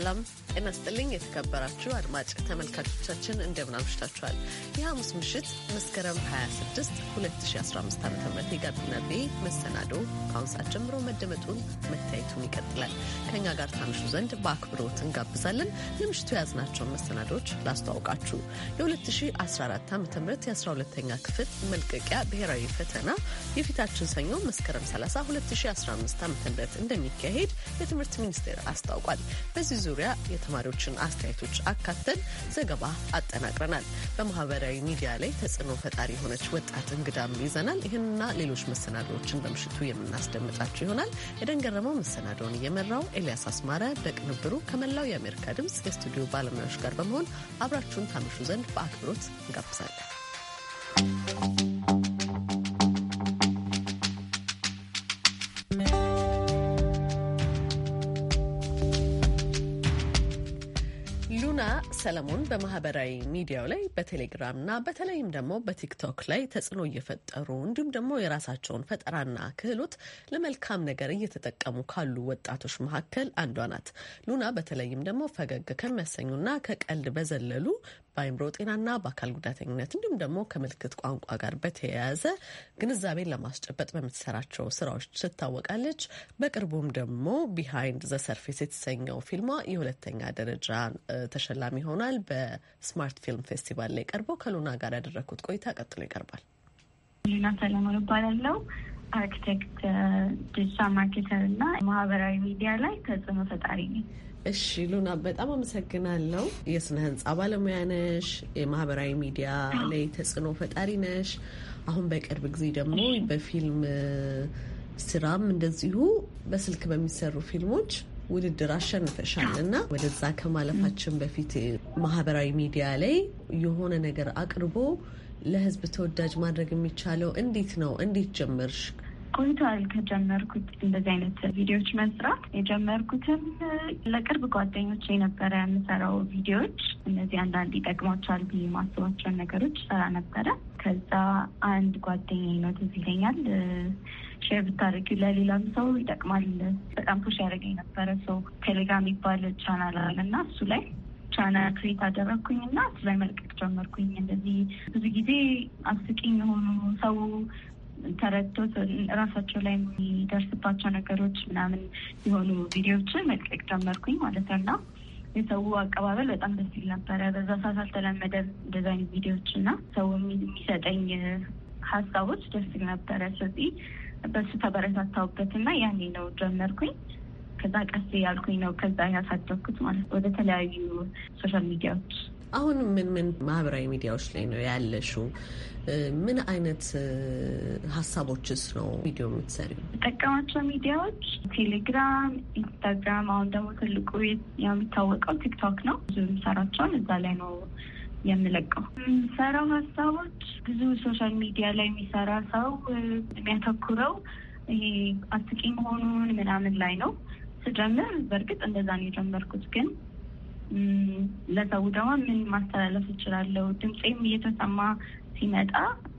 Salam. ጤና ስጥልኝ የተከበራችሁ አድማጭ ተመልካቾቻችን እንደምን አምሽታችኋል። የሐሙስ ምሽት መስከረም 26 2015 ዓ ም የጋቢና ቤ መሰናዶ ከአሁን ሰዓት ጀምሮ መደመጡን መታየቱን ይቀጥላል። ከእኛ ጋር ታምሹ ዘንድ በአክብሮት እንጋብዛለን። ለምሽቱ የያዝናቸውን መሰናዶዎች ላስተዋውቃችሁ። የ2014 ዓ ም የ12ኛ ክፍል መልቀቂያ ብሔራዊ ፈተና የፊታችን ሰኞ መስከረም 30 2015 ዓ ም እንደሚካሄድ የትምህርት ሚኒስቴር አስታውቋል። በዚህ ዙሪያ የተማሪዎችን አስተያየቶች አካተን ዘገባ አጠናቅረናል። በማህበራዊ ሚዲያ ላይ ተጽዕኖ ፈጣሪ የሆነች ወጣት እንግዳም ይዘናል። ይህንና ሌሎች መሰናዶዎችን በምሽቱ የምናስደምጣቸው ይሆናል። የደንገረመው መሰናዶውን እየመራው፣ ኤልያስ አስማረ በቅንብሩ ከመላው የአሜሪካ ድምፅ የስቱዲዮ ባለሙያዎች ጋር በመሆን አብራችሁን ታመሹ ዘንድ በአክብሮት እንጋብዛለን። ሰለሞን በማህበራዊ ሚዲያው ላይ በቴሌግራምና በተለይም ደግሞ በቲክቶክ ላይ ተጽዕኖ እየፈጠሩ እንዲሁም ደግሞ የራሳቸውን ፈጠራና ክህሎት ለመልካም ነገር እየተጠቀሙ ካሉ ወጣቶች መካከል አንዷ ናት። ሉና በተለይም ደግሞ ፈገግ ከሚያሰኙና ከቀልድ በዘለሉ በአይምሮ ጤናና በአካል ጉዳተኝነት እንዲሁም ደግሞ ከምልክት ቋንቋ ጋር በተያያዘ ግንዛቤን ለማስጨበጥ በምትሰራቸው ስራዎች ትታወቃለች። በቅርቡም ደግሞ ቢሃይንድ ዘ ሰርፌስ የተሰኘው ፊልሟ የሁለተኛ ደረጃ ተሸላሚ ይሆናል። በስማርት ፊልም ፌስቲቫል ላይ ቀርቦ ከሉና ጋር ያደረግኩት ቆይታ ቀጥሎ ይቀርባል። ሉና ሰለሞን እባላለሁ። አርኪቴክት፣ ዲጂታል ማርኬተር እና ማህበራዊ ሚዲያ ላይ ተጽዕኖ ፈጣሪ ነኝ። እሺ ሉና በጣም አመሰግናለሁ። የስነ ህንፃ ባለሙያ ነሽ፣ የማህበራዊ ሚዲያ ላይ ተጽዕኖ ፈጣሪ ነሽ። አሁን በቅርብ ጊዜ ደግሞ በፊልም ስራም እንደዚሁ በስልክ በሚሰሩ ፊልሞች ውድድር አሸንፈሻል እና ወደዛ ከማለፋችን በፊት ማህበራዊ ሚዲያ ላይ የሆነ ነገር አቅርቦ ለህዝብ ተወዳጅ ማድረግ የሚቻለው እንዴት ነው? እንዴት ጀመርሽ? ቆይቷል ከጀመርኩት እንደዚህ አይነት ቪዲዮዎች መስራት። የጀመርኩትም ለቅርብ ጓደኞች የነበረ የምሰራው ቪዲዮዎች እነዚህ አንዳንድ ይጠቅማቸዋል ብዬ ማስባቸውን ነገሮች ሰራ ነበረ። ከዛ አንድ ጓደኛ ነው ትዝ ይለኛል ሼር ብታደርጊው ለሌላም ሰው ይጠቅማል። በጣም ፑሽ ያደረገኝ ነበረ ሰው ቴሌግራም የሚባል ቻናል አለ እና እሱ ላይ ቻና ክሬት አደረግኩኝ እና እሱ ላይ መልቀቅ ጀመርኩኝ። እንደዚህ ብዙ ጊዜ አስቂኝ የሆኑ ሰው ተረድቶት ራሳቸው ላይ የሚደርስባቸው ነገሮች ምናምን የሆኑ ቪዲዮዎችን መልቀቅ ጀመርኩኝ ማለት ነው እና የሰው አቀባበል በጣም ደስ ይል ነበረ። በዛ ሰዓት አልተለመደ እንደዛ አይነት ቪዲዮዎች እና ሰው የሚሰጠኝ ሀሳቦች ደስ ይል ነበረ። ስለዚህ በሱ ተበረታታሁበት እና ያኔ ነው ጀመርኩኝ። ከዛ ቀስ ያልኩኝ ነው ከዛ ያሳደግኩት ማለት ወደ ተለያዩ ሶሻል ሚዲያዎች አሁን ምን ምን ማህበራዊ ሚዲያዎች ላይ ነው ያለሽው? ምን አይነት ሀሳቦችስ ነው ቪዲዮ የምትሰሪ? ጠቀማቸው ሚዲያዎች ቴሌግራም፣ ኢንስታግራም፣ አሁን ደግሞ ትልቁ የሚታወቀው ቲክቶክ ነው። ብዙ የምሰራቸውን እዛ ላይ ነው የምለቀው። የምሰራው ሀሳቦች ብዙ ሶሻል ሚዲያ ላይ የሚሰራ ሰው የሚያተኩረው ይሄ አስቂ መሆኑን ምናምን ላይ ነው። ስጀምር በእርግጥ እንደዛ ነው የጀመርኩት ግን ለሰው ደግሞ ምን ማስተላለፍ እችላለሁ? ድምፄም እየተሰማ ሲመጣ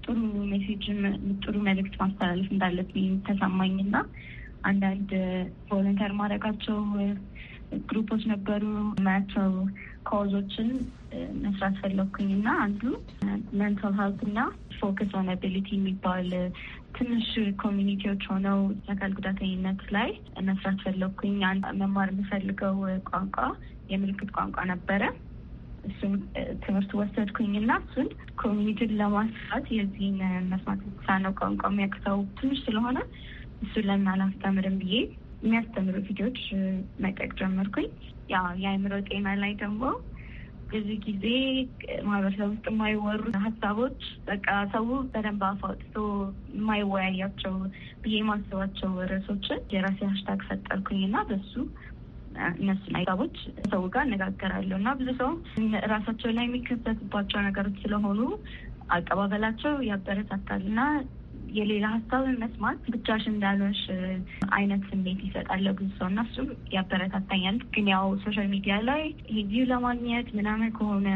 ጥሩ ሜሴጅም ጥሩ መልእክት ማስተላለፍ እንዳለብኝ ተሰማኝ እና አንዳንድ ቮለንተር ማድረጋቸው ግሩፖች ነበሩ ማያቸው ካውዞችን መስራት ፈለኩኝ እና አንዱ መንታል ሀልት እና ፎከስ ኦን አቢሊቲ የሚባል ትንሽ ኮሚኒቲዎች ሆነው አካል ጉዳተኝነት ላይ መስራት ፈለኩኝ። መማር የምፈልገው ቋንቋ የምልክት ቋንቋ ነበረ። እሱን ትምህርት ወሰድኩኝ ወሰድኩኝና እሱን ኮሚኒቲን ለማስፋት የዚህን መስማት የተሳነው ቋንቋ የሚያቅተው ትንሽ ስለሆነ እሱን ለምን አላስተምርም ብዬ የሚያስተምሩ ቪዲዮች መጠቅ ጀመርኩኝ። ያው የአእምሮ ጤና ላይ ደግሞ ብዙ ጊዜ ማህበረሰብ ውስጥ የማይወሩ ሀሳቦች በቃ ሰው በደንብ አፍ አውጥቶ የማይወያያቸው ብዬ ማስባቸው ርዕሶችን የራሴ ሀሽታግ ፈጠርኩኝ ፈጠርኩኝና በሱ እነሱ ሀሳቦች ሰው ጋር አነጋገራለሁ እና ብዙ ሰው ራሳቸው ላይ የሚከሰትባቸው ነገሮች ስለሆኑ አቀባበላቸው ያበረታታል እና የሌላ ሀሳብን መስማት ብቻሽ እንዳልሆንሽ አይነት ስሜት ይሰጣል ብዙ ሰው እና እሱም ያበረታታኛል። ግን ያው ሶሻል ሚዲያ ላይ ቪው ለማግኘት ምናምን ከሆነ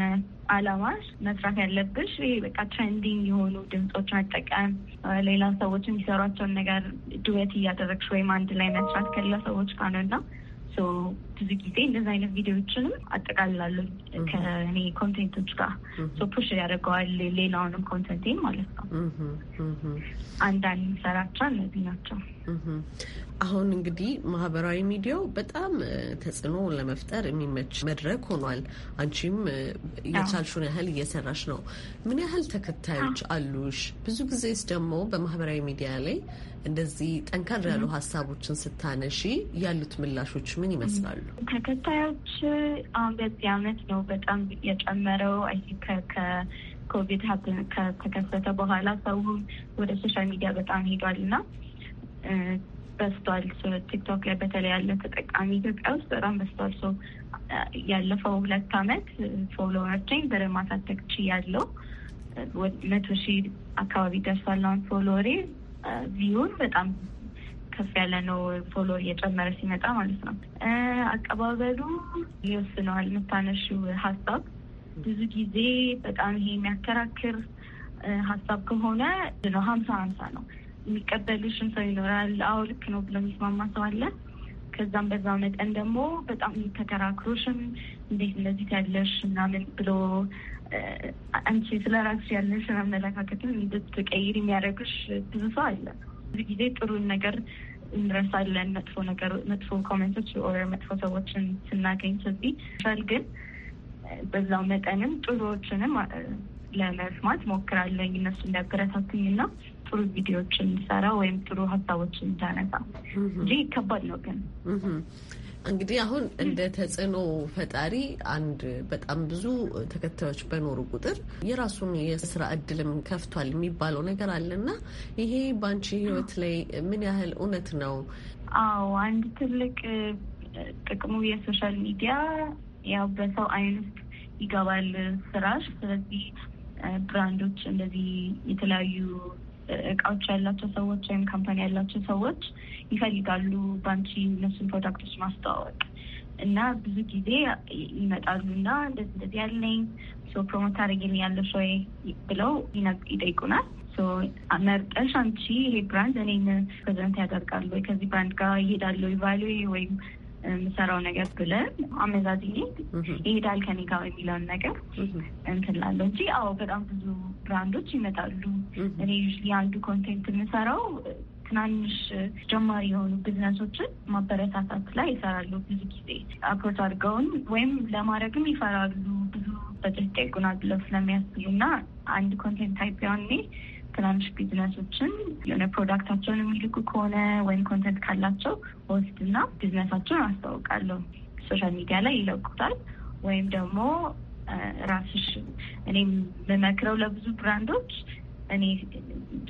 አላማሽ መስራት ያለብሽ ይሄ በቃ ትሬንዲንግ የሆኑ ድምፆች መጠቀም፣ ሌላ ሰዎች የሚሰሯቸውን ነገር ድዌት እያደረግሽ ወይም አንድ ላይ መስራት ከሌላ ሰዎች ጋር ነው ብዙ ጊዜ እንደዚ አይነት ቪዲዮዎችንም አጠቃልላሉ ከእኔ ኮንቴንቶች ጋር ፑሽ ያደርገዋል። ሌላውንም ኮንተንቴን ማለት ነው። አንዳንድ ሰራቻ እነዚህ ናቸው። አሁን እንግዲህ ማህበራዊ ሚዲያው በጣም ተጽዕኖ ለመፍጠር የሚመች መድረክ ሆኗል። አንቺም የቻልሽውን ያህል እየሰራሽ ነው። ምን ያህል ተከታዮች አሉሽ? ብዙ ጊዜስ ደግሞ በማህበራዊ ሚዲያ ላይ እንደዚህ ጠንከር ያሉ ሀሳቦችን ስታነሺ ያሉት ምላሾች ምን ይመስላሉ? ተከታዮች አሁን በዚህ አመት ነው በጣም የጨመረው። አይ ከኮቪድ ከተከሰተ በኋላ ሰውም ወደ ሶሻል ሚዲያ በጣም ሄዷል እና በስቷል። ቲክቶክ ላይ በተለይ ያለ ተጠቃሚ ኢትዮጵያ ውስጥ በጣም በስቷል። ሰው ያለፈው ሁለት አመት ፎሎወርችኝ በደንብ ማሳደግ ችያለሁ። መቶ ሺህ አካባቢ ደርሷል አሁን ፎሎወሬ ቪዩን በጣም ከፍ ያለ ነው። ፎሎ እየጨመረ ሲመጣ ማለት ነው። አቀባበሉ ይወስነዋል የምታነሺው ሀሳብ። ብዙ ጊዜ በጣም ይሄ የሚያከራክር ሀሳብ ከሆነ ነው ሀምሳ ሀምሳ ነው። የሚቀበልሽን ሰው ይኖራል። አዎ ልክ ነው ብሎ የሚስማማ ሰው አለ። ከዛም በዛ መጠን ደግሞ በጣም ተከራክሮሽም እንዴት እንደዚህ ያለሽ ምናምን ብሎ አንቺ ስለ ራስሽ ያለሽን አመለካከትም እንድትቀይር የሚያደርግሽ ብዙ ሰው አለ። ብዙ ጊዜ ጥሩን ነገር እንረሳለን፣ መጥፎ ነገር መጥፎ ኮሜንቶች ኦር መጥፎ ሰዎችን ስናገኝ ስለዚህ ሻል ግን በዛው መጠንም ጥሩዎችንም ለመስማት ሞክራለኝ እነሱ እንዲያበረታትኝ እና ጥሩ ቪዲዮዎችን እንዲሰራ ወይም ጥሩ ሀሳቦችን እንዳነሳ እንጂ ከባድ ነው ግን እንግዲህ አሁን እንደ ተጽዕኖ ፈጣሪ አንድ በጣም ብዙ ተከታዮች በኖሩ ቁጥር የራሱን የስራ እድልም ከፍቷል የሚባለው ነገር አለና ይሄ በአንቺ ህይወት ላይ ምን ያህል እውነት ነው? አዎ አንድ ትልቅ ጥቅሙ የሶሻል ሚዲያ ያው በሰው አይን ውስጥ ይገባል ስራሽ። ስለዚህ ብራንዶች እንደዚህ የተለያዩ እቃዎች ያላቸው ሰዎች ወይም ካምፓኒ ያላቸው ሰዎች ይፈልጋሉ በአንቺ እነሱን ፕሮዳክቶች ማስተዋወቅ እና ብዙ ጊዜ ይመጣሉ እና እንደዚህ እንደዚህ ያለኝ ፕሮሞት ታደርጊልኛለሽ ወይ ብለው ይጠይቁናል። መርጠሽ አንቺ ይሄ ብራንድ እኔን ፕሬዘንት ያደርጋሉ ወይ ከዚህ ብራንድ ጋር ይሄዳለው ወይ ወይም የምሰራው ነገር ብለን አመዛዝኝ ይሄዳል ከኔ ጋር የሚለውን ነገር እንትላለ እንጂ አዎ፣ በጣም ብዙ ብራንዶች ይመጣሉ። እኔ አንዱ ኮንቴንት የምሰራው ትናንሽ ጀማሪ የሆኑ ቢዝነሶችን ማበረታታት ላይ ይሰራሉ። ብዙ ጊዜ አፕሮች አድርገውን ወይም ለማድረግም ይፈራሉ። ብዙ በጥልቅ ይጠይቁናል ብለው ስለሚያስቡ እና አንድ ኮንቴንት ታይፕ ያኔ ትናንሽ ቢዝነሶችን የሆነ ፕሮዳክታቸውን የሚልኩ ከሆነ ወይም ኮንተንት ካላቸው ወስድና ቢዝነሳቸውን አስታውቃለሁ። ሶሻል ሚዲያ ላይ ይለቁታል። ወይም ደግሞ ራስሽ እኔ የምመክረው ለብዙ ብራንዶች እኔ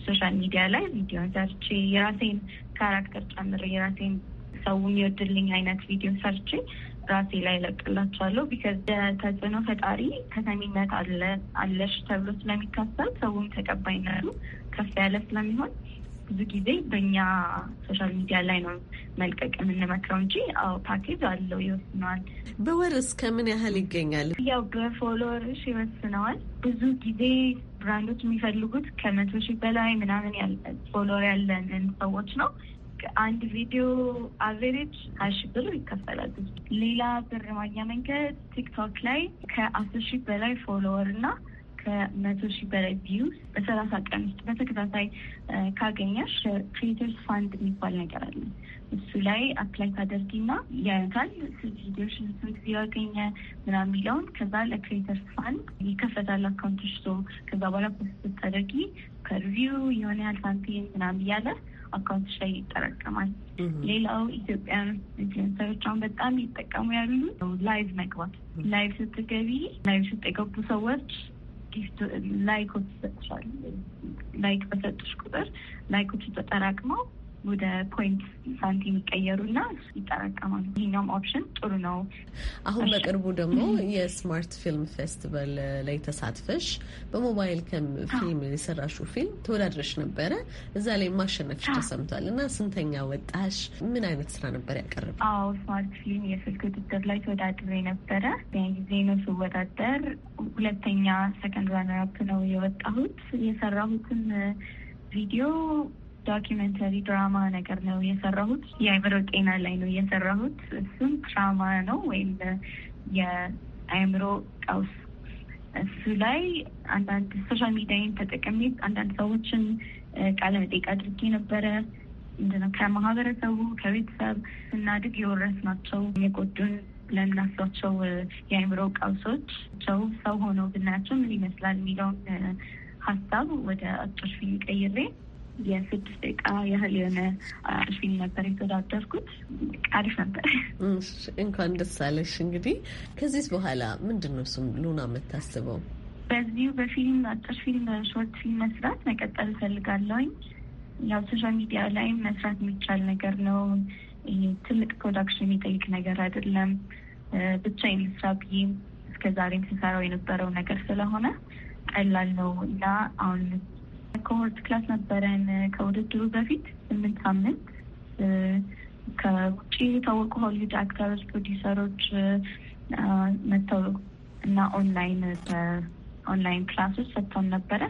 ሶሻል ሚዲያ ላይ ቪዲዮ ሰርቼ የራሴን ካራክተር ጨምሬ የራሴን ሰው የሚወድልኝ አይነት ቪዲዮ ሰርቼ ራሴ ላይ ለቅላቸዋለሁ። ቢካዝ ተጽዕኖ ፈጣሪ ከተሚነት አለሽ ተብሎ ስለሚከሰል ሰውም ተቀባይነቱ ከፍ ያለ ስለሚሆን ብዙ ጊዜ በእኛ ሶሻል ሚዲያ ላይ ነው መልቀቅ የምንመክረው እንጂ አዎ ፓኬጅ አለው ይወስነዋል። በወር እስከ ምን ያህል ይገኛል? ያው በፎሎወርሽ ይወስነዋል። ብዙ ጊዜ ብራንዶች የሚፈልጉት ከመቶ ሺህ በላይ ምናምን ፎሎወር ያለንን ሰዎች ነው። አንድ ቪዲዮ አቨሬጅ ሀያ ሺህ ብር ይከፈላል። ሌላ ብር ማግኛ መንገድ ቲክቶክ ላይ ከአስር ሺህ በላይ ፎሎወር እና ከመቶ ሺህ በላይ ቪውስ በሰላሳ ቀን ውስጥ በተከታታይ ካገኘሽ ክሬተርስ ፋንድ የሚባል ነገር አለ። እሱ ላይ አፕላይ ታደርጊና ያታል ቪዲዮሽ ስንት ቪው ያገኘ ምናምን የሚለውን ከዛ ለክሬተርስ ፋንድ ይከፈታል አካውንቶች ሶ ከዛ በኋላ ፖስት ታደርጊ ከሪቪው የሆነ ያህል ሳንቲም ምናምን እያለ አካውንት ላይ ይጠረቀማል። ሌላው ኢትዮጵያን ኢንፍሉዌንሰሮች አሁን በጣም ይጠቀሙ ያሉ ላይቭ መግባት፣ ላይቭ ስትገቢ፣ ላይቭ ስትገቡ ሰዎች ላይኮች ይሰጥሻል። ላይክ በሰጡሽ ቁጥር ላይኮቹ ተጠራቅመው ወደ ፖይንት ሳንቲም ይቀየሩና ይጠራቀማሉ። ይህኛውም ኦፕሽን ጥሩ ነው። አሁን በቅርቡ ደግሞ የስማርት ፊልም ፌስቲቫል ላይ ተሳትፈሽ በሞባይል ፊልም የሰራሽው ፊልም ተወዳድረሽ ነበረ። እዛ ላይ ማሸነፍሽ ተሰምቷል እና ስንተኛ ወጣሽ? ምን አይነት ስራ ነበር ያቀረብ? አዎ ስማርት ፊልም የስልክ ውድድር ላይ ተወዳድሬ ነበረ። ያን ጊዜ ነው ስወዳደር ሁለተኛ ሰከንድ ራነር አፕ ነው የወጣሁት። የሰራሁትም ቪዲዮ ዶኪመንተሪ ድራማ ነገር ነው የሰራሁት። የአእምሮ ጤና ላይ ነው የሰራሁት። እሱም ትራማ ነው ወይም የአእምሮ ቀውስ። እሱ ላይ አንዳንድ ሶሻል ሚዲያን ተጠቅሜ አንዳንድ ሰዎችን ቃለ መጠይቅ አድርጌ ነበረ። ምንድነው ከማህበረሰቡ ከቤተሰብ ስናድግ የወረስናቸው የጎዱን ብለን ምናስባቸው የአእምሮ ቀውሶች ቸው ሰው ሆነው ብናያቸው ምን ይመስላል የሚለውን ሀሳብ ወደ አጭር ፊልም ቀይሬ የስድስት ደቂቃ ያህል የሆነ ፊልም ነበር የተወዳደርኩት። አሪፍ ነበር። እንኳን ደስ አለሽ። እንግዲህ ከዚህ በኋላ ምንድን ነው ስም ሉና የምታስበው? በዚሁ በፊልም አጭር ፊልም፣ ሾርት ፊልም መስራት መቀጠል እፈልጋለሁኝ። ያው ሶሻል ሚዲያ ላይም መስራት የሚቻል ነገር ነው። ትልቅ ፕሮዳክሽን የሚጠይቅ ነገር አይደለም። ብቻ የምስራ ብዬ እስከዛሬም ስሰራው የነበረው ነገር ስለሆነ ቀላል ነው እና አሁን ኮሆርት ክላስ ነበረን ከውድድሩ በፊት ስምንት ሳምንት ከውጭ የታወቁ ሆሊውድ አክተሮች፣ ፕሮዲሰሮች መተው እና ኦንላይን ኦንላይን ክላሶች ሰጥተውን ነበረ።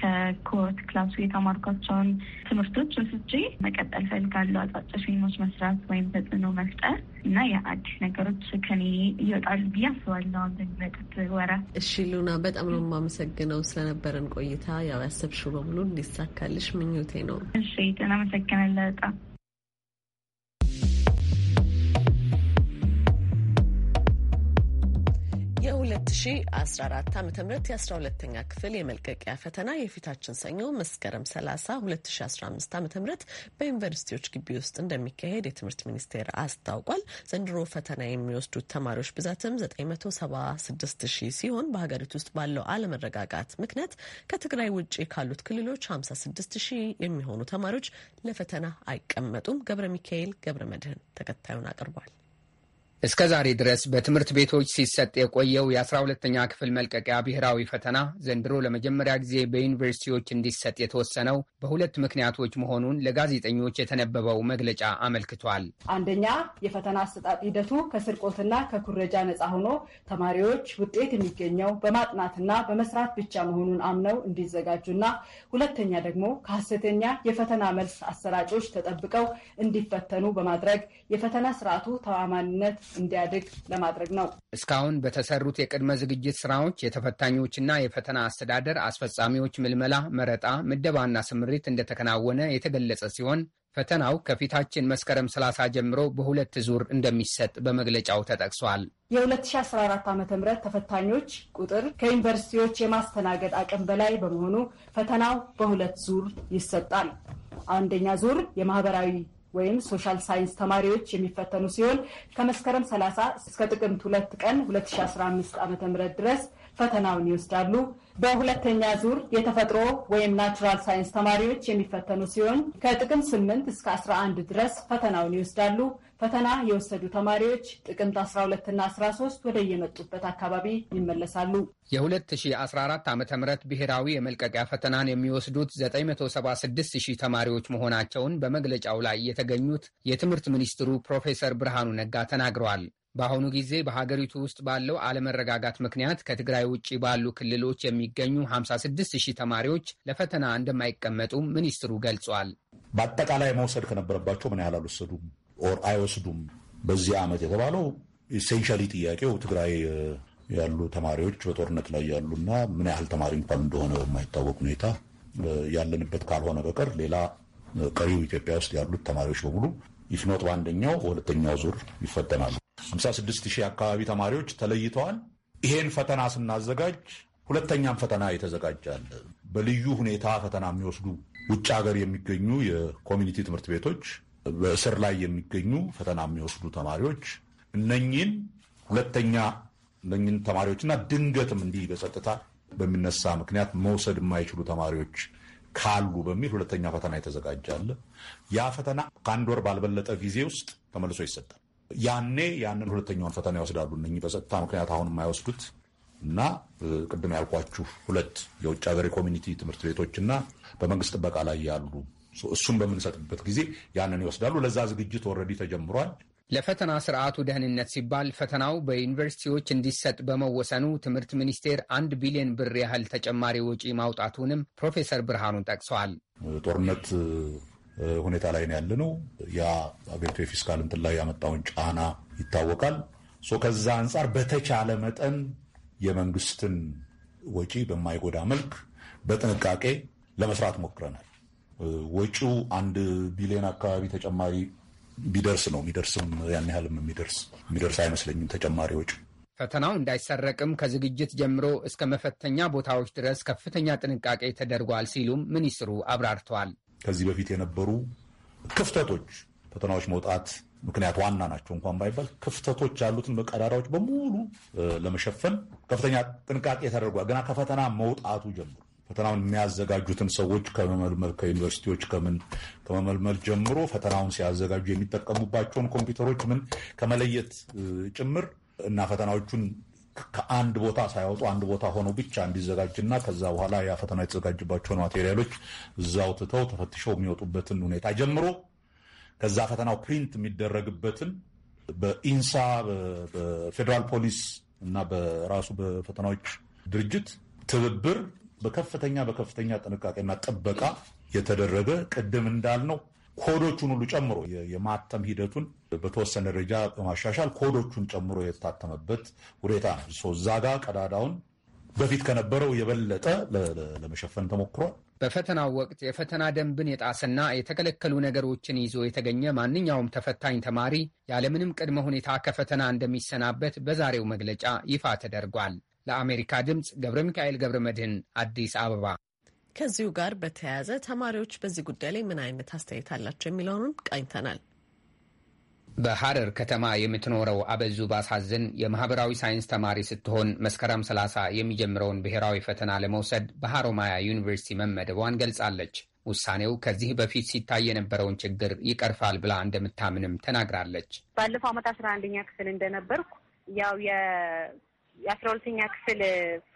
ከኮርት ክላሱ የተማርኳቸውን ትምህርቶች ወስጄ መቀጠል ፈልጋለሁ። አጫጭር ፊልሞች መስራት ወይም ተጽዕኖ መፍጠር እና የአዲስ ነገሮች ከኔ ይወጣሉ ብዬ አስባለሁ በሚመጡት ወራት። እሺ ሉና፣ በጣም ነው የማመሰግነው ስለነበረን ቆይታ። ያው ያሰብሽው በሙሉ እንዲሳካልሽ ምኞቴ ነው። እሺ፣ ጤና አመሰግናለሁ በጣም 2014 ዓ ም የ12ተኛ ክፍል የመልቀቂያ ፈተና የፊታችን ሰኞ መስከረም 30 2015 ዓ ም በዩኒቨርሲቲዎች ግቢ ውስጥ እንደሚካሄድ የትምህርት ሚኒስቴር አስታውቋል። ዘንድሮ ፈተና የሚወስዱት ተማሪዎች ብዛትም 976 ሺህ ሲሆን በሀገሪቱ ውስጥ ባለው አለመረጋጋት ምክንያት ከትግራይ ውጭ ካሉት ክልሎች 56 ሺህ የሚሆኑ ተማሪዎች ለፈተና አይቀመጡም። ገብረ ሚካኤል ገብረ መድህን ተከታዩን አቅርቧል። እስከ ዛሬ ድረስ በትምህርት ቤቶች ሲሰጥ የቆየው የ12ተኛ ክፍል መልቀቂያ ብሔራዊ ፈተና ዘንድሮ ለመጀመሪያ ጊዜ በዩኒቨርሲቲዎች እንዲሰጥ የተወሰነው በሁለት ምክንያቶች መሆኑን ለጋዜጠኞች የተነበበው መግለጫ አመልክቷል። አንደኛ የፈተና አሰጣጥ ሂደቱ ከስርቆትና ከኩረጃ ነፃ ሆኖ ተማሪዎች ውጤት የሚገኘው በማጥናትና በመስራት ብቻ መሆኑን አምነው እንዲዘጋጁና ሁለተኛ ደግሞ ከሀሰተኛ የፈተና መልስ አሰራጮች ተጠብቀው እንዲፈተኑ በማድረግ የፈተና ስርዓቱ ተአማኒነት እንዲያድግ ለማድረግ ነው። እስካሁን በተሰሩት የቅድመ ዝግጅት ስራዎች የተፈታኞችና የፈተና አስተዳደር አስፈጻሚዎች ምልመላ፣ መረጣ፣ ምደባና ስምሪት እንደተከናወነ የተገለጸ ሲሆን ፈተናው ከፊታችን መስከረም 30 ጀምሮ በሁለት ዙር እንደሚሰጥ በመግለጫው ተጠቅሷል። የ2014 ዓ ም ተፈታኞች ቁጥር ከዩኒቨርሲቲዎች የማስተናገድ አቅም በላይ በመሆኑ ፈተናው በሁለት ዙር ይሰጣል። አንደኛ ዙር የማህበራዊ ወይም ሶሻል ሳይንስ ተማሪዎች የሚፈተኑ ሲሆን ከመስከረም 30 እስከ ጥቅምት ሁለት ቀን 2015 ዓ ም ድረስ ፈተናውን ይወስዳሉ። በሁለተኛ ዙር የተፈጥሮ ወይም ናቹራል ሳይንስ ተማሪዎች የሚፈተኑ ሲሆን ከጥቅምት 8 እስከ 11 ድረስ ፈተናውን ይወስዳሉ። ፈተና የወሰዱ ተማሪዎች ጥቅምት 12ና 13 ወደ የመጡበት አካባቢ ይመለሳሉ። የ2014 ዓ ም ብሔራዊ የመልቀቂያ ፈተናን የሚወስዱት 976000 ተማሪዎች መሆናቸውን በመግለጫው ላይ የተገኙት የትምህርት ሚኒስትሩ ፕሮፌሰር ብርሃኑ ነጋ ተናግረዋል። በአሁኑ ጊዜ በሀገሪቱ ውስጥ ባለው አለመረጋጋት ምክንያት ከትግራይ ውጭ ባሉ ክልሎች የሚገኙ 56000 ሺህ ተማሪዎች ለፈተና እንደማይቀመጡ ሚኒስትሩ ገልጿል። በአጠቃላይ መውሰድ ከነበረባቸው ምን ያህል አልወሰዱም? ኦር አይወስዱም በዚህ ዓመት የተባለው ኢሴንሻሊ ጥያቄው ትግራይ ያሉ ተማሪዎች በጦርነት ላይ ያሉና ምን ያህል ተማሪ እንኳን እንደሆነ በማይታወቅ ሁኔታ ያለንበት ካልሆነ በቀር ሌላ ቀሪው ኢትዮጵያ ውስጥ ያሉት ተማሪዎች በሙሉ ይፍኖት በአንደኛው በሁለተኛው ዙር ይፈተናሉ። 56 ሺህ አካባቢ ተማሪዎች ተለይተዋል። ይሄን ፈተና ስናዘጋጅ ሁለተኛም ፈተና የተዘጋጃል። በልዩ ሁኔታ ፈተና የሚወስዱ ውጭ ሀገር የሚገኙ የኮሚኒቲ ትምህርት ቤቶች በእስር ላይ የሚገኙ ፈተና የሚወስዱ ተማሪዎች እነኝን ሁለተኛ እነኝን ተማሪዎችና ድንገትም እንዲህ በጸጥታ በሚነሳ ምክንያት መውሰድ የማይችሉ ተማሪዎች ካሉ በሚል ሁለተኛ ፈተና የተዘጋጃለ። ያ ፈተና ከአንድ ወር ባልበለጠ ጊዜ ውስጥ ተመልሶ ይሰጣል። ያኔ ያንን ሁለተኛውን ፈተና ይወስዳሉ። እነኚህ በጸጥታ ምክንያት አሁን የማይወስዱት እና ቅድም ያልኳችሁ ሁለት የውጭ ሀገር ኮሚኒቲ ትምህርት ቤቶች እና በመንግስት ጥበቃ ላይ ያሉ እሱን በምንሰጥበት ጊዜ ያንን ይወስዳሉ። ለዛ ዝግጅት ኦልሬዲ ተጀምሯል። ለፈተና ስርዓቱ ደህንነት ሲባል ፈተናው በዩኒቨርሲቲዎች እንዲሰጥ በመወሰኑ ትምህርት ሚኒስቴር አንድ ቢሊዮን ብር ያህል ተጨማሪ ወጪ ማውጣቱንም ፕሮፌሰር ብርሃኑን ጠቅሰዋል። ጦርነት ሁኔታ ላይ ነው ነው። ያ አገሪቱ የፊስካል እንትን ላይ ያመጣውን ጫና ይታወቃል። ከዛ አንጻር በተቻለ መጠን የመንግስትን ወጪ በማይጎዳ መልክ በጥንቃቄ ለመስራት ሞክረናል። ወጪው አንድ ቢሊዮን አካባቢ ተጨማሪ ቢደርስ ነው የሚደርስም ያን ያህልም የሚደርስ የሚደርስ አይመስለኝም ተጨማሪ ወጪ። ፈተናው እንዳይሰረቅም ከዝግጅት ጀምሮ እስከ መፈተኛ ቦታዎች ድረስ ከፍተኛ ጥንቃቄ ተደርጓል ሲሉም ሚኒስትሩ አብራርተዋል። ከዚህ በፊት የነበሩ ክፍተቶች ፈተናዎች መውጣት ምክንያት ዋና ናቸው እንኳን ባይባል ክፍተቶች ያሉትን መቀዳዳዎች በሙሉ ለመሸፈን ከፍተኛ ጥንቃቄ ተደርጓል። ገና ከፈተና መውጣቱ ጀምሮ ፈተናውን የሚያዘጋጁትን ሰዎች ከመመልመል ከዩኒቨርሲቲዎች ከምን ከመመልመል ጀምሮ ፈተናውን ሲያዘጋጁ የሚጠቀሙባቸውን ኮምፒውተሮች ምን ከመለየት ጭምር እና ፈተናዎቹን ከአንድ ቦታ ሳያወጡ አንድ ቦታ ሆነው ብቻ እንዲዘጋጅ እና ከዛ በኋላ ያ ፈተና የተዘጋጅባቸውን ማቴሪያሎች እዛው ትተው ተፈትሸው የሚወጡበትን ሁኔታ ጀምሮ ከዛ ፈተናው ፕሪንት የሚደረግበትን በኢንሳ በፌዴራል ፖሊስ እና በራሱ በፈተናዎች ድርጅት ትብብር በከፍተኛ በከፍተኛ ጥንቃቄና ጥበቃ የተደረገ ቅድም እንዳልነው ኮዶቹን ሁሉ ጨምሮ የማተም ሂደቱን በተወሰነ ደረጃ በማሻሻል ኮዶቹን ጨምሮ የታተመበት ሁኔታ ነው። እዛ ጋር ቀዳዳውን በፊት ከነበረው የበለጠ ለመሸፈን ተሞክሯል። በፈተናው ወቅት የፈተና ደንብን የጣሰና የተከለከሉ ነገሮችን ይዞ የተገኘ ማንኛውም ተፈታኝ ተማሪ ያለምንም ቅድመ ሁኔታ ከፈተና እንደሚሰናበት በዛሬው መግለጫ ይፋ ተደርጓል። ለአሜሪካ ድምፅ ገብረ ሚካኤል ገብረ መድህን አዲስ አበባ። ከዚሁ ጋር በተያያዘ ተማሪዎች በዚህ ጉዳይ ላይ ምን አይነት አስተያየት አላቸው የሚለውንም ቃኝተናል። በሐረር ከተማ የምትኖረው አበዙ ባሳዝን የማህበራዊ ሳይንስ ተማሪ ስትሆን መስከረም 30 የሚጀምረውን ብሔራዊ ፈተና ለመውሰድ በሐሮማያ ዩኒቨርሲቲ መመደቧን ገልጻለች። ውሳኔው ከዚህ በፊት ሲታይ የነበረውን ችግር ይቀርፋል ብላ እንደምታምንም ተናግራለች። ባለፈው ዓመት አስራ አንደኛ ክፍል እንደነበርኩ ያው የአስራ ሁለተኛ ክፍል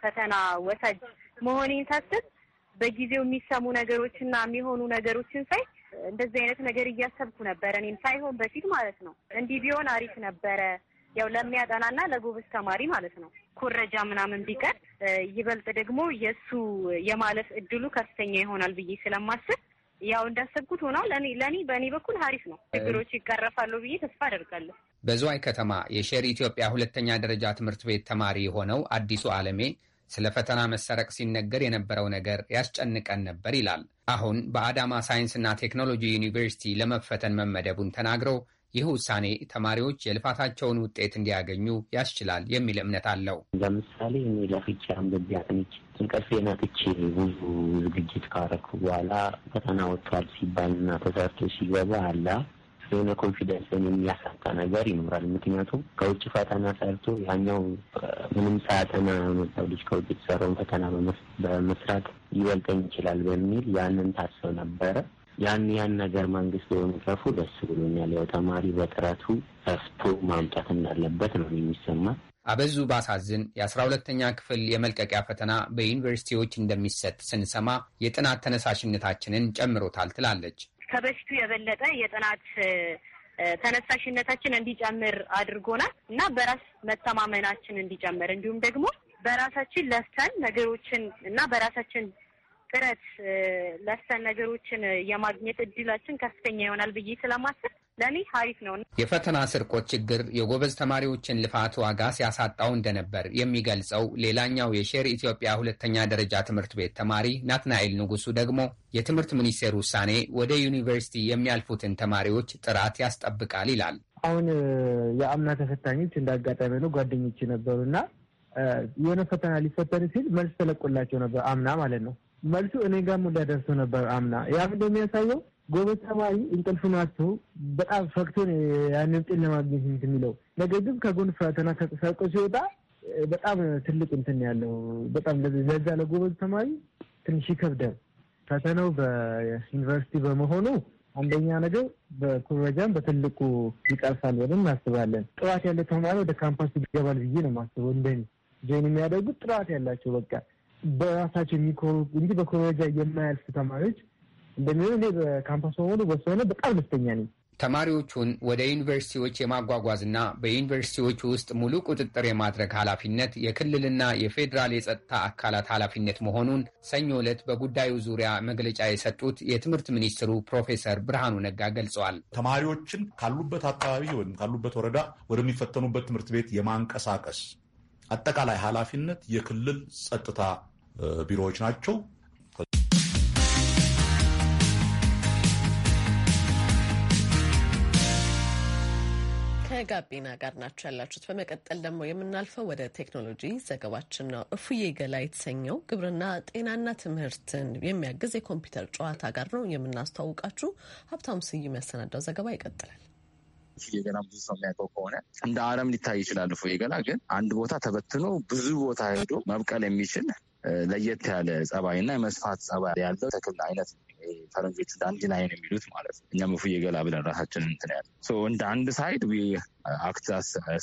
ፈተና ወሳጅ መሆኔን ሳስብ በጊዜው የሚሰሙ ነገሮችና የሚሆኑ ነገሮችን ሳይ እንደዚህ አይነት ነገር እያሰብኩ ነበረ። እኔም ሳይሆን በፊት ማለት ነው እንዲህ ቢሆን አሪፍ ነበረ። ያው ለሚያጠናና ለጎበዝ ተማሪ ማለት ነው ኮረጃ ምናምን ቢቀር ይበልጥ ደግሞ የእሱ የማለፍ እድሉ ከፍተኛ ይሆናል ብዬ ስለማስብ ያው እንዳሰብኩት ሆኗል። ለእኔ በእኔ በኩል አሪፍ ነው። ችግሮች ይቀረፋሉ ብዬ ተስፋ አደርጋለሁ። በዝዋይ ከተማ የሼር ኢትዮጵያ ሁለተኛ ደረጃ ትምህርት ቤት ተማሪ የሆነው አዲሱ አለሜ ስለ ፈተና መሰረቅ ሲነገር የነበረው ነገር ያስጨንቀን ነበር ይላል። አሁን በአዳማ ሳይንስና ቴክኖሎጂ ዩኒቨርሲቲ ለመፈተን መመደቡን ተናግረው ይህ ውሳኔ ተማሪዎች የልፋታቸውን ውጤት እንዲያገኙ ያስችላል የሚል እምነት አለው። ለምሳሌ እኔ ለፍቼ አንብቤ አጥንቼ እንቅልፌን ብዙ ዝግጅት ካረኩ በኋላ ፈተና ወጥቷል ሲባልና ተሰርቶ ሲገባ አላ የሆነ ኮንፊደንስን የሚያሳጣ ነገር ይኖራል። ምክንያቱም ከውጭ ፈተና ሰርቶ ያኛው ምንም ሳያጠና የመጣው ልጅ ከውጭ የተሰራውን ፈተና በመስራት ይበልጠኝ ይችላል በሚል ያንን ታስብ ነበረ። ያን ያን ነገር መንግስት በመቅረፉ ደስ ብሎኛል። ያው ተማሪ በጥረቱ ሰፍቶ ማምጣት እንዳለበት ነው የሚሰማ። አበዙ ባሳዝን የአስራ ሁለተኛ ክፍል የመልቀቂያ ፈተና በዩኒቨርሲቲዎች እንደሚሰጥ ስንሰማ የጥናት ተነሳሽነታችንን ጨምሮታል ትላለች። ከበፊቱ የበለጠ የጥናት ተነሳሽነታችን እንዲጨምር አድርጎናል እና በራስ መተማመናችን እንዲጨምር እንዲሁም ደግሞ በራሳችን ለፍተን ነገሮችን እና በራሳችን ጥረት ለፍተን ነገሮችን የማግኘት እድላችን ከፍተኛ ይሆናል ብዬ ስለማስብ ለእኔ ሀሪፍ ነው። የፈተና ስርቆት ችግር የጎበዝ ተማሪዎችን ልፋት ዋጋ ሲያሳጣው እንደነበር የሚገልጸው ሌላኛው የሼር ኢትዮጵያ ሁለተኛ ደረጃ ትምህርት ቤት ተማሪ ናትናኤል ንጉሱ ደግሞ የትምህርት ሚኒስቴር ውሳኔ ወደ ዩኒቨርሲቲ የሚያልፉትን ተማሪዎች ጥራት ያስጠብቃል ይላል። አሁን የአምና ተፈታኞች እንዳጋጣሚ ነው ጓደኞች ነበሩና የሆነ ፈተና ሊፈተን ሲል መልስ ተለቆላቸው ነበር። አምና ማለት ነው መልሱ እኔ ጋም እንዳደርሰው ነበር አምና ያም እንደሚያሳየው ጎበዝ ተማሪ እንቅልፍ ናቸው። በጣም ፈክቶ ያንን ውጤት ለማግኘት እንትን የሚለው ነገር ግን ከጎን ፈተና ተቀሳቀ ሲወጣ በጣም ትልቅ እንትን ያለው በጣም ለዛ ለጎበዝ ተማሪ ትንሽ ይከብዳል። ፈተናው በዩኒቨርሲቲ በመሆኑ አንደኛ ነገር በኩረጃም በትልቁ ይቀርፋል ብለን እናስባለን። ጥራት ያለ ተማሪ ወደ ካምፓስ ይገባል ብዬ ነው የማስበው። እንደኔ ጆይን የሚያደርጉት ጥራት ያላቸው በቃ በራሳቸው የሚኮሩ እንጂ በኩረጃ የማያልፉ ተማሪዎች እንደሚሆን እኔ በካምፓስ መሆኑ በሆነ በጣም ደስተኛ ነኝ። ተማሪዎቹን ወደ ዩኒቨርሲቲዎች የማጓጓዝና በዩኒቨርሲቲዎች ውስጥ ሙሉ ቁጥጥር የማድረግ ኃላፊነት የክልልና የፌዴራል የጸጥታ አካላት ኃላፊነት መሆኑን ሰኞ ዕለት በጉዳዩ ዙሪያ መግለጫ የሰጡት የትምህርት ሚኒስትሩ ፕሮፌሰር ብርሃኑ ነጋ ገልጸዋል። ተማሪዎችን ካሉበት አካባቢ ወይም ካሉበት ወረዳ ወደሚፈተኑበት ትምህርት ቤት የማንቀሳቀስ አጠቃላይ ኃላፊነት የክልል ጸጥታ ቢሮዎች ናቸው። ከጋቢና ጋር ናቸው ያላችሁት። በመቀጠል ደግሞ የምናልፈው ወደ ቴክኖሎጂ ዘገባችን ነው። እፉዬ ገላ የተሰኘው ግብርና፣ ጤናና ትምህርትን የሚያግዝ የኮምፒውተር ጨዋታ ጋር ነው የምናስተዋውቃችሁ። ሀብታሙ ስዩም ያሰናዳው ዘገባ ይቀጥላል። እፉዬ ገላ ብዙ ሰው የሚያውቀው ከሆነ እንደ አረም ሊታይ ይችላል። እፉዬ ገላ ግን አንድ ቦታ ተበትኖ ብዙ ቦታ ሄዶ መብቀል የሚችል ለየት ያለ ጸባይ እና የመስፋት ጸባይ ያለው ተክል አይነት ፈረንጆቹ ዳንዲ ላይን የሚሉት ማለት ነው። እኛም ፉ የገላ ብለን ራሳችን እንትን ያለ እንደ አንድ ሳይድ አክት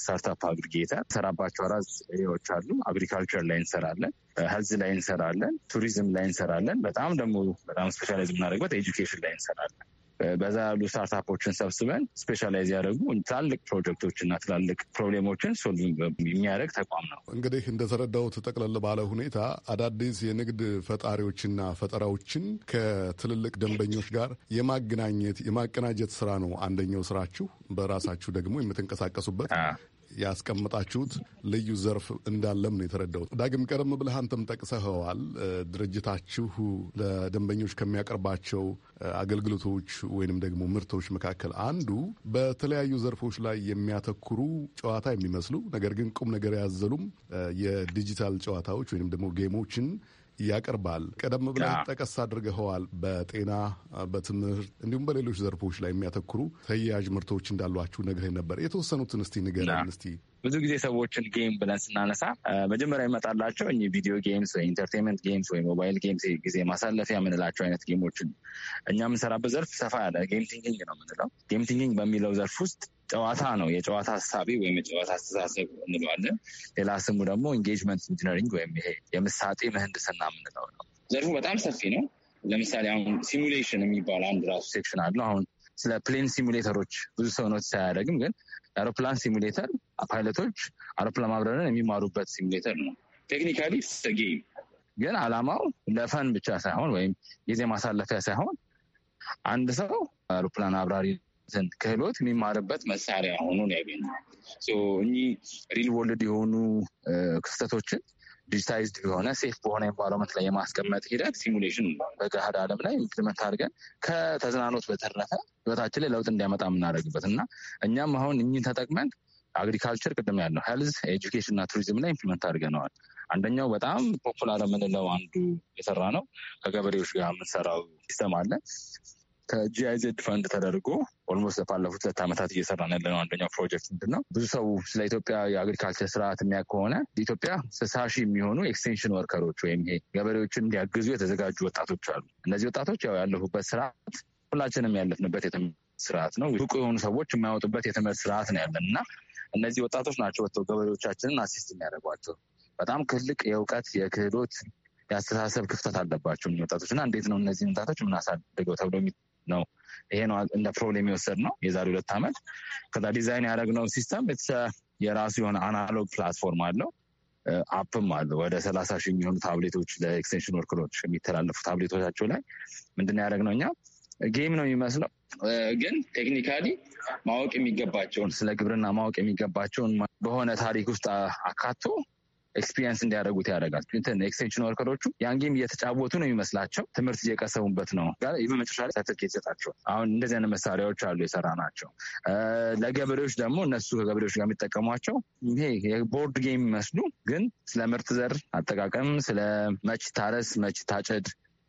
ስታርታፕ አግሪጌተር ሰራባቸው አራት ዎች አሉ። አግሪካልቸር ላይ እንሰራለን፣ ሄልዝ ላይ እንሰራለን፣ ቱሪዝም ላይ እንሰራለን። በጣም ደግሞ በጣም ስፔሻላይዝ የምናደርግበት ኤጁኬሽን ላይ እንሰራለን። በዛ ያሉ ስታርታፖችን ሰብስበን ስፔሻላይዝ ያደረጉ ትላልቅ ፕሮጀክቶችና ትላልቅ ፕሮብሌሞችን ሶልቭ የሚያደርግ ተቋም ነው። እንግዲህ እንደተረዳሁት ጠቅለል ባለ ሁኔታ አዳዲስ የንግድ ፈጣሪዎችና ፈጠራዎችን ከትልልቅ ደንበኞች ጋር የማገናኘት የማቀናጀት ስራ ነው አንደኛው ስራችሁ። በራሳችሁ ደግሞ የምትንቀሳቀሱበት ያስቀመጣችሁት ልዩ ዘርፍ እንዳለም ነው የተረዳሁት። ዳግም ቀደም ብለህ አንተም ጠቅሰኸዋል። ድርጅታችሁ ለደንበኞች ከሚያቀርባቸው አገልግሎቶች ወይንም ደግሞ ምርቶች መካከል አንዱ በተለያዩ ዘርፎች ላይ የሚያተኩሩ ጨዋታ የሚመስሉ ነገር ግን ቁም ነገር ያዘሉም የዲጂታል ጨዋታዎች ወይንም ደግሞ ጌሞችን ያቀርባል። ቀደም ብለህ ጠቀስ አድርገኸዋል። በጤና በትምህርት እንዲሁም በሌሎች ዘርፎች ላይ የሚያተኩሩ ተያያዥ ምርቶች እንዳሏችሁ ነግረኝ ነበር። የተወሰኑትን እስቲ ንገረን እስቲ። ብዙ ጊዜ ሰዎችን ጌም ብለን ስናነሳ መጀመሪያ ይመጣላቸው እ ቪዲዮ ጌምስ ወይ ኢንተርቴንመንት ጌምስ ወይ ሞባይል ጌምስ ጊዜ ማሳለፊያ የምንላቸው አይነት ጌሞችን እኛ የምንሰራበት ዘርፍ ሰፋ ያለ ጌም ቲንኪንግ ነው የምንለው። ጌም ቲንኪንግ በሚለው ዘርፍ ውስጥ ጨዋታ ነው። የጨዋታ ሀሳቢ ወይም የጨዋታ አስተሳሰብ እንለዋለን። ሌላ ስሙ ደግሞ ኢንጌጅመንት ኢንጂነሪንግ ወይም ይሄ የምሳጤ ምህንድስና የምንለው ነው። ዘርፉ በጣም ሰፊ ነው። ለምሳሌ አሁን ሲሙሌሽን የሚባል አንድ ራሱ ሴክሽን አለው። አሁን ስለ ፕሌን ሲሙሌተሮች ብዙ ሰው ነው ሳያደርግም፣ ግን አውሮፕላን ሲሙሌተር ፓይለቶች አውሮፕላን ማብረርን የሚማሩበት ሲሙሌተር ነው። ቴክኒካሊ ጌም ግን አላማው ለፈን ብቻ ሳይሆን ወይም ጊዜ ማሳለፊያ ሳይሆን አንድ ሰው አውሮፕላን አብራሪ ዘንድ ክህሎት የሚማርበት መሳሪያ ሆኖ ነው ያገኘ እኚህ ሪል ወርልድ የሆኑ ክስተቶችን ዲጂታይዝድ የሆነ ሴፍ በሆነ ኤንቫይሮመንት ላይ የማስቀመጥ ሂደት ሲሙሌሽን በገሃድ ዓለም ላይ ኢምፕሊመንት አድርገን ከተዝናኖት በተረፈ ህይወታችን ላይ ለውጥ እንዲያመጣ የምናደርግበት እና እኛም አሁን እኚህን ተጠቅመን አግሪካልቸር ቅድም ያለው ሄልዝ፣ ኤጁኬሽን እና ቱሪዝም ላይ ኢምፕሊመንት አድርገነዋል። አንደኛው በጣም ፖፑላር የምንለው አንዱ የሰራ ነው። ከገበሬዎች ጋር የምንሰራው ሲስተም አለ። ከጂአይዜድ ፈንድ ተደርጎ ኦልሞስት ለባለፉት ሁለት ዓመታት እየሰራን ነው። አንደኛው ፕሮጀክት ምንድን ነው? ብዙ ሰው ስለ ኢትዮጵያ የአግሪካልቸር ስርዓት የሚያውቅ ከሆነ ኢትዮጵያ ስልሳ ሺህ የሚሆኑ ኤክስቴንሽን ወርከሮች ወይም ይሄ ገበሬዎችን እንዲያግዙ የተዘጋጁ ወጣቶች አሉ። እነዚህ ወጣቶች ያው ያለፉበት ስርዓት ሁላችንም ያለፍንበት የትምህርት ስርዓት ነው። ብቁ የሆኑ ሰዎች የማያወጡበት የትምህርት ስርዓት ነው ያለን እና እነዚህ ወጣቶች ናቸው ወጥተው ገበሬዎቻችንን አሲስት የሚያደርጓቸው። በጣም ትልቅ የእውቀት የክህሎት የአስተሳሰብ ክፍተት አለባቸው ወጣቶች እና እንዴት ነው እነዚህን ወጣቶች የምናሳድገው ተብሎ ነው። ይሄ ነው እንደ ፕሮብሌም የወሰድ ነው የዛሬ ሁለት ዓመት። ከዛ ዲዛይን ያደረግነው ሲስተም የራሱ የሆነ አናሎግ ፕላትፎርም አለው አፕም አለ። ወደ ሰላሳ ሺህ የሚሆኑ ታብሌቶች ለኤክስቴንሽን ወርክሮች የሚተላለፉ ታብሌቶቻቸው ላይ ምንድን ነው እኛ ጌም ነው የሚመስለው፣ ግን ቴክኒካሊ ማወቅ የሚገባቸውን ስለ ግብርና ማወቅ የሚገባቸውን በሆነ ታሪክ ውስጥ አካቶ ኤክስፒሪንስ እንዲያደርጉት ያደርጋል። እንትን ኤክስቴንሽን ወርከሮቹ ያን ጌም እየተጫወቱ ነው የሚመስላቸው ትምህርት እየቀሰሙበት ነው መጨረሻ ላይ ሰርተፍኬት አሁን እንደዚህ አይነት መሳሪያዎች አሉ የሰራ ናቸው። ለገበሬዎች ደግሞ እነሱ ከገበሬዎች ጋር የሚጠቀሟቸው ይሄ የቦርድ ጌም ይመስሉ ግን ስለ ምርጥ ዘር አጠቃቀም ስለ መች ታረስ መች ታጨድ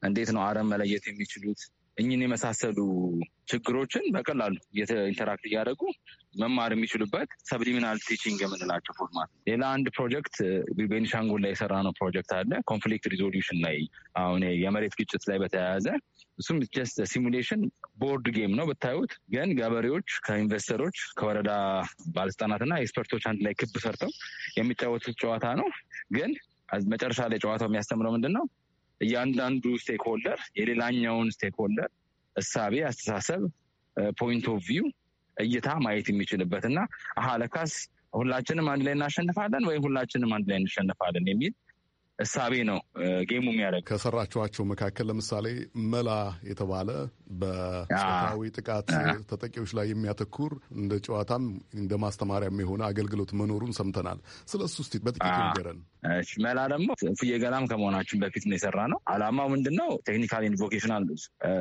እንዴት ነው አረም መለየት የሚችሉት እኝን የመሳሰሉ ችግሮችን በቀላሉ ኢንተራክት እያደረጉ መማር የሚችሉበት ሰብሊሚናል ቲችንግ የምንላቸው ፎርማት። ሌላ አንድ ፕሮጀክት ቤኒሻንጉል ላይ የሰራ ነው ፕሮጀክት አለ ኮንፍሊክት ሪዞሉሽን ላይ አሁን የመሬት ግጭት ላይ በተያያዘ እሱም ጀስት ሲሙሌሽን ቦርድ ጌም ነው ብታዩት። ግን ገበሬዎች ከኢንቨስተሮች ከወረዳ ባለስልጣናትና ኤክስፐርቶች አንድ ላይ ክብ ሰርተው የሚጫወቱት ጨዋታ ነው ግን መጨረሻ ላይ ጨዋታው የሚያስተምረው ምንድን ነው? እያንዳንዱ ስቴክሆልደር የሌላኛውን ስቴክሆልደር እሳቤ፣ አስተሳሰብ፣ ፖይንት ኦፍ ቪው እይታ ማየት የሚችልበት እና አሃ ለካስ ሁላችንም አንድ ላይ እናሸንፋለን ወይም ሁላችንም አንድ ላይ እንሸንፋለን የሚል እሳቤ ነው ጌሙ የሚያደርግ። ከሰራችኋቸው መካከል ለምሳሌ መላ የተባለ በጾታዊ ጥቃት ተጠቂዎች ላይ የሚያተኩር እንደ ጨዋታም እንደ ማስተማሪያም የሆነ አገልግሎት መኖሩን ሰምተናል። ስለ እሱ እስኪ በጥቂት ንገረን። መላ ደግሞ ፍየገላም ከመሆናችን በፊት ነው የሰራ ነው። አላማው ምንድን ነው? ቴክኒካል ኢንድ ቮኬሽናል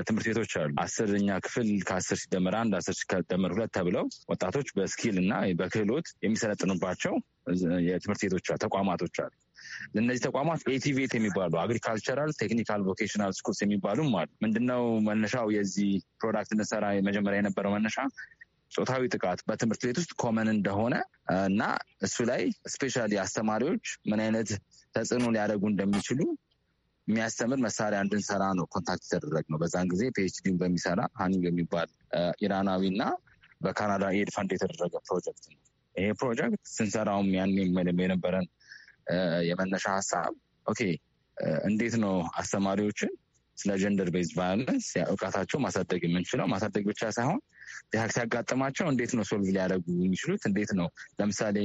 ትምህርት ቤቶች አሉ። አስርኛ ክፍል ከአስር ሲደመር አንድ አስር ሲደመር ሁለት ተብለው ወጣቶች በስኪል እና በክህሎት የሚሰለጥኑባቸው የትምህርት ቤቶች ተቋማቶች አሉ። እነዚህ ተቋማት ኤቲቬት የሚባሉ አግሪካልቸራል ቴክኒካል ቮኬሽናል ስኩልስ የሚባሉም አሉ። ምንድነው መነሻው የዚህ ፕሮዳክት እንሰራ መጀመሪያ የነበረው መነሻ ጾታዊ ጥቃት በትምህርት ቤት ውስጥ ኮመን እንደሆነ እና እሱ ላይ ስፔሻሊ አስተማሪዎች ምን አይነት ተጽዕኖ ሊያደርጉ እንደሚችሉ የሚያስተምር መሳሪያ እንድንሰራ ነው ኮንታክት የተደረግ ነው። በዛን ጊዜ ፒኤችዲን በሚሰራ ሀኒም የሚባል ኢራናዊ እና በካናዳ ኤድ ፈንድ የተደረገ ፕሮጀክት ነው። ይሄ ፕሮጀክት ስንሰራውም ያን የነበረን የመነሻ ሀሳብ ኦኬ እንዴት ነው አስተማሪዎችን ስለ ጀንደር ቤዝ ቫዮለንስ እውቀታቸው ማሳደግ የምንችለው? ማሳደግ ብቻ ሳይሆን ሲያጋጥማቸው እንዴት ነው ሶልቭ ሊያደርጉ የሚችሉት? እንዴት ነው ለምሳሌ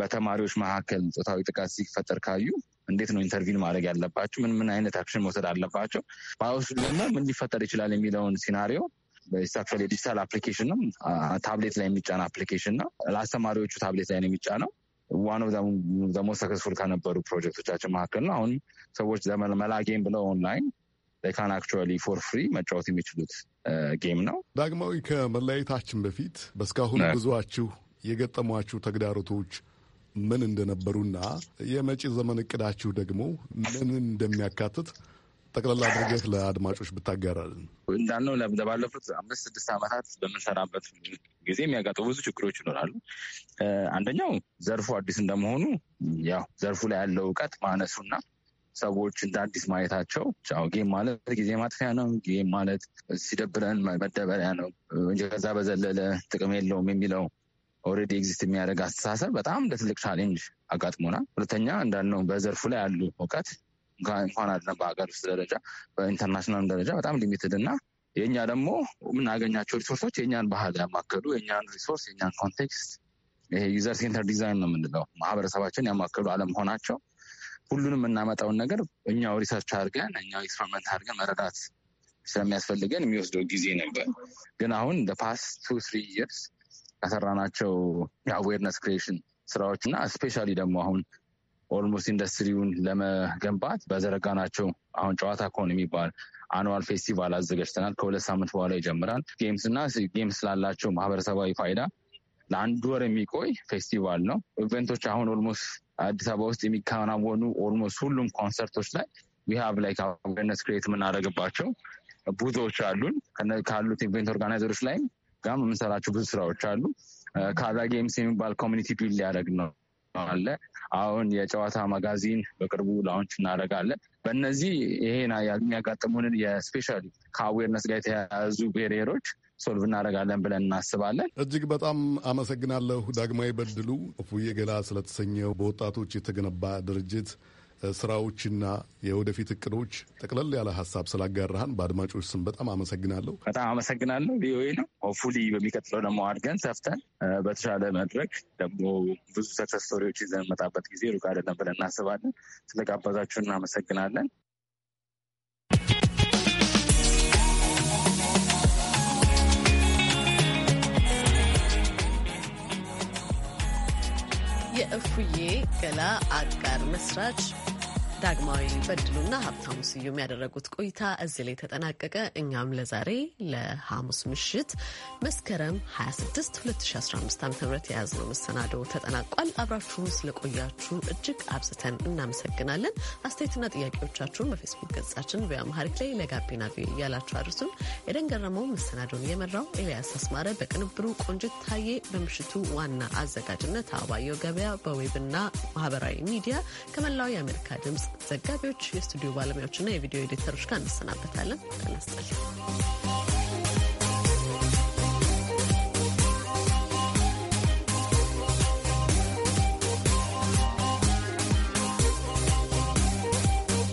በተማሪዎች መካከል ፆታዊ ጥቃት ሲፈጠር ካዩ እንዴት ነው ኢንተርቪን ማድረግ ያለባቸው? ምን ምን አይነት አክሽን መውሰድ አለባቸው? ባወሱ ደግሞ ምን ሊፈጠር ይችላል የሚለውን ሲናሪዮ ሳክል የዲጂታል አፕሊኬሽን ነው። ታብሌት ላይ የሚጫን አፕሊኬሽን ነው። ለአስተማሪዎቹ ታብሌት ላይ ነው የሚጫነው። ዋን ኦፍ ዘሞ ከነበሩ ፕሮጀክቶቻችን መካከል ነው። አሁን ሰዎች ጌም ብለው ኦንላይን ካን አክቹዋሊ ፎር ፍሪ መጫወት የሚችሉት ጌም ነው። ዳግማዊ፣ ከመለያየታችን በፊት በእስካሁን ብዙችሁ የገጠሟችሁ ተግዳሮቶች ምን እንደነበሩና የመጪ ዘመን እቅዳችሁ ደግሞ ምን እንደሚያካትት ጠቅላላ አድርገህ ለአድማጮች ብታጋራልን። እንዳልነው ለባለፉት አምስት ስድስት ዓመታት በምንሰራበት ጊዜ የሚያጋጥሙ ብዙ ችግሮች ይኖራሉ። አንደኛው ዘርፉ አዲስ እንደመሆኑ ያው ዘርፉ ላይ ያለው እውቀት ማነሱና ሰዎች እንደ አዲስ ማየታቸው ጌም ማለት ጊዜ ማጥፊያ ነው፣ ጌም ማለት ሲደብረን መደበሪያ ነው እንጂ ከዛ በዘለለ ጥቅም የለውም የሚለው ኦልሬዲ ኤግዚስት የሚያደርግ አስተሳሰብ በጣም ለትልቅ ትልቅ ቻሌንጅ አጋጥሞናል። ሁለተኛ እንዳልነው በዘርፉ ላይ ያሉ እውቀት እንኳን አይደለም በሀገር ውስጥ ደረጃ በኢንተርናሽናል ደረጃ በጣም ሊሚትድ እና የእኛ ደግሞ የምናገኛቸው ሪሶርሶች የእኛን ባህል ያማከሉ የእኛን ሪሶርስ የእኛን ኮንቴክስት ይሄ ዩዘር ሴንተር ዲዛይን ነው የምንለው ማህበረሰባችን ያማከሉ አለመሆናቸው ሁሉንም የምናመጣውን ነገር እኛው ሪሰርች አድርገን እኛው ኤክስፐሪመንት አድርገን መረዳት ስለሚያስፈልገን የሚወስደው ጊዜ ነበር። ግን አሁን ፓስት ቱ ስሪ ይርስ ያሰራናቸው የአዌርነስ ክሪኤሽን ስራዎች እና ስፔሻሊ ደግሞ አሁን ኦልሞስት ኢንዱስትሪውን ለመገንባት በዘረጋ ናቸው። አሁን ጨዋታ ከሆን የሚባል አኑዋል ፌስቲቫል አዘጋጅተናል። ከሁለት ሳምንት በኋላ ይጀምራል። ጌምስ እና ጌምስ ላላቸው ማህበረሰባዊ ፋይዳ ለአንድ ወር የሚቆይ ፌስቲቫል ነው። ኢቨንቶች አሁን ኦልሞስት አዲስ አበባ ውስጥ የሚከናወኑ ኦልሞስት ሁሉም ኮንሰርቶች ላይ ዊሃብ ላይ አዌርነስ ክሬት የምናደርግባቸው ብዙዎች አሉን። ካሉት ኢቨንት ኦርጋናይዘሮች ላይም ጋም የምንሰራቸው ብዙ ስራዎች አሉ። ከዛ ጌምስ የሚባል ኮሚኒቲ ቢል ሊያደርግ ነው አለ አሁን የጨዋታ መጋዚን በቅርቡ ላውንች እናደርጋለን። በእነዚህ ይሄን የሚያጋጥሙንን የስፔሻል ከአዌርነስ ጋር የተያያዙ ቤሪየሮች ሶልቭ እናደርጋለን ብለን እናስባለን። እጅግ በጣም አመሰግናለሁ። ዳግማዊ በድሉ እፉዬ ገላ ስለተሰኘው በወጣቶች የተገነባ ድርጅት ስራዎችና የወደፊት እቅዶች ጠቅለል ያለ ሀሳብ ስላጋራህን በአድማጮች ስም በጣም አመሰግናለሁ። በጣም አመሰግናለሁ። ቪኦኤ ነው። ሆፉሊ በሚቀጥለው ደግሞ አድገን ሰፍተን በተሻለ መድረክ ደግሞ ብዙ ሰክሰስ ስቶሪዎች ይዘን መጣበት ጊዜ ሩቅ አይደለም ብለን እናስባለን። ስለጋበዛችሁ እናመሰግናለን። የእፉዬ ገላ አጋር መስራች ዳግማዊ በድሉና ሀብታሙ ስዩም ያደረጉት ቆይታ እዚህ ላይ ተጠናቀቀ። እኛም ለዛሬ ለሐሙስ ምሽት መስከረም 26 2015 ዓ ም የያዝነው መሰናዶ ተጠናቋል። አብራችሁን ስለቆያችሁ እጅግ አብዝተን እናመሰግናለን። አስተያየትና ጥያቄዎቻችሁን በፌስቡክ ገጻችን በአምሃሪክ ላይ ለጋቢና ቪ እያላችሁ አድርሱን። ኤደን ገረመው መሰናዶን የመራው ኤልያስ አስማረ፣ በቅንብሩ ቆንጅት ታዬ፣ በምሽቱ ዋና አዘጋጅነት አበባየሁ ገበያ፣ በዌብና ማህበራዊ ሚዲያ ከመላው የአሜሪካ ድምፅ ዘጋቢዎች፣ የስቱዲዮ ባለሙያዎችና የቪዲዮ ኤዲተሮች ጋር እንሰናበታለን። ጤና